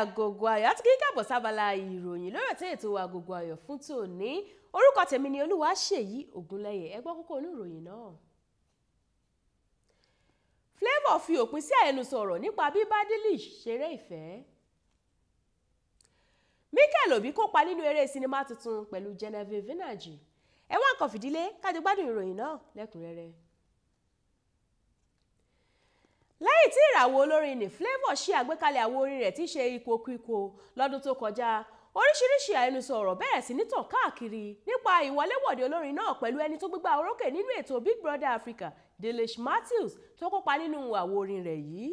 agogo ayọ̀ àti kíkà bọ̀ sábàlá ìròyìn lórí ọ̀tẹ̀ ètò agogo ayọ̀ fún tòní orúkọ tèmi ni Olúwaṣèyí Ògúnlẹ̀yẹ ẹ gbọ́ kókó oníròyìn náà. Flavour fi òpin sí àyẹnusọ̀rọ̀ nípa bí Bádílìṣ ṣeré ìfẹ́. Michael Obi kópa nínú eré sinimá tuntun pẹ̀lú Genevieve Nnaji ẹ wá fìdílé kájọ gbádùn ìròyìn náà lẹ́kùnrẹ́rẹ́. lẹ́yìn tí ìràwọ̀ olórin ní Flavour ṣe àgbékalẹ̀ àwo orin rẹ̀ tí í ṣe Ikokuiko lọ́dún tó kọjá oríṣiríṣi àhesọ ọ̀rọ̀ bẹ̀rẹ̀ sí ní tàn káàkiri nípa ìwọléwọ̀de olórin náà pẹ̀lú ẹni tó gbégbá orókè nínú ètò Big Brother Africa Delish Matthews tó kópa nínú àwo orin rẹ̀ yìí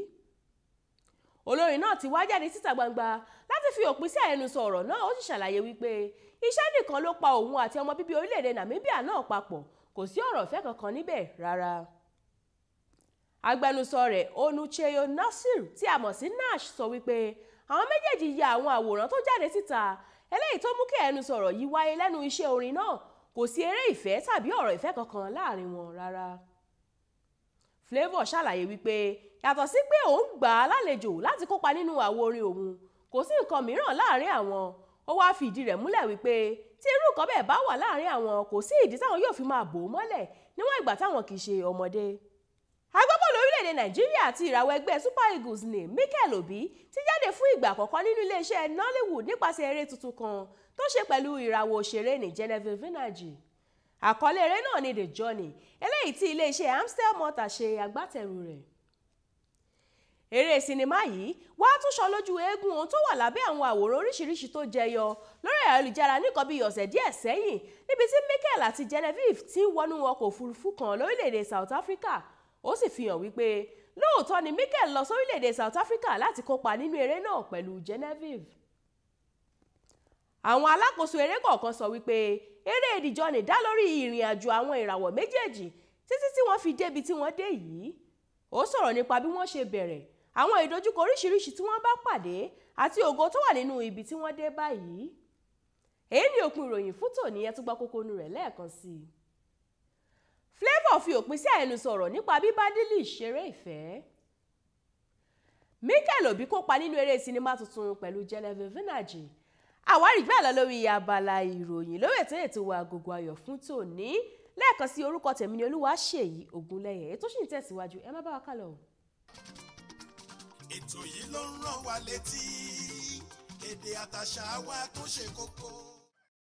olórin náà ti wá jáde síta gbangba láti fi òpin sí àhesọ ọ̀rọ̀ náà ó sì ṣàlàyé wípé iṣẹ́ nìkan ló pa òun àti ọmọ bíbí orílẹ̀-èdè Namibia náà papọ̀ kò sí ọ̀rọ̀ ìfẹ́ kankan níbẹ̀ rárá agbẹnusọ rẹ̀ onucheyo nasir tí a mọ̀ sí nash sọ wípé àwọn méjèèjì ya àwọn àwòrán tó jáde síta eléyìí tó mú kí ẹnu sọ̀rọ̀ yìí wáyé lẹ́nu iṣẹ́ orin náà kò sí eré ìfẹ́ tàbí ọ̀rọ̀ ìfẹ́ kankan láàrin wọn rárá Flavour ṣàlàyé wípé yàtọ̀ sí pé òun gbà á lálejò láti kópa nínú àwo orin òun kò sí nǹkan mìíràn láàrin àwọn ó wáá fi ìdí rẹ̀ múlẹ̀ wípé tí irú nǹkan bẹ́ẹ̀ bá wà láàrin àwọn kò sí ìdí táwọn yóò fi máa bò ó mọ́lẹ̀ níwọ̀n ìgbà táwọn kì í ṣe ọmọdé orílẹ̀-èdè nàìjíríà àti ìràwọ̀ ẹgbẹ́ super eagles ní mikel obi ti jáde fún ìgbà àkọ́kọ́ nínú iléeṣẹ́ nollywood nípasẹ̀ eré tuntun kan tó ṣe pẹ̀lú ìràwọ̀ òṣèré ní genevieve banerjee àkọlé eré náà ni the journey eléyìí tí iléeṣẹ́ amstel mota ṣe agbátẹrù rẹ̀ eré sinimá yìí wá tún sọ lójú eégún ohun tó wà lábẹ́ àwọn àwòrán oríṣiríṣi tó jẹyọ lórí ayélujára nìkan bíi ọ̀sẹ̀ díẹ̀ sẹ́yìn níbi tí mikel àti genevieve ti ń wọnú ọkọ̀ òfurufú kan lórílẹ̀‐èdè south africa ó sì fi hàn wípé lóòótọ́ ni Mikel lọ sórílẹ̀-èdè South Africa láti kópa nínú eré náà pẹ̀lú Genevieve àwọn alákòóso eré kọ̀ọ̀kan sọ wípé eré ìdíjọ ni dá lórí ìrìn àjò àwọn ìràwọ̀ méjèèjì títí tí wọ́n fi débi tí wọ́n dé yìí ó sọ̀rọ̀ nípa bí wọ́n ṣe bẹ̀rẹ̀ àwọn ìdojúkọ oríṣiríṣi tí wọ́n bá pàdé àti ògo tó wà nínú ibi tí wọ́n dé báyìí èyí ni òpin ìròyìn fún tòní ẹ tún rẹ̀ lẹ́ẹ̀kan sí i. Flavour fi òpin sí àìlù sọ̀rọ̀ nípa bíbá Dili ṣeré ìfẹ́. Mikel Obi kópa nínú eré sinimá tuntun pẹ̀lú Genevieve Nnaji àwárí bẹ́ẹ̀ lọ lórí abala ìròyìn lórí ètò ètò wa Agogo Ayọ̀ fún tòní lẹ́ẹ̀kan sí orúkọ tèmi ni Olúwaṣèyí Ògúnlẹ̀yẹ ètò sì ń tẹ̀síwájú ẹ má bá wa kálọ. ètò yìí ló ń rán wa létí èdè àtàṣà wa tó ṣe kókó.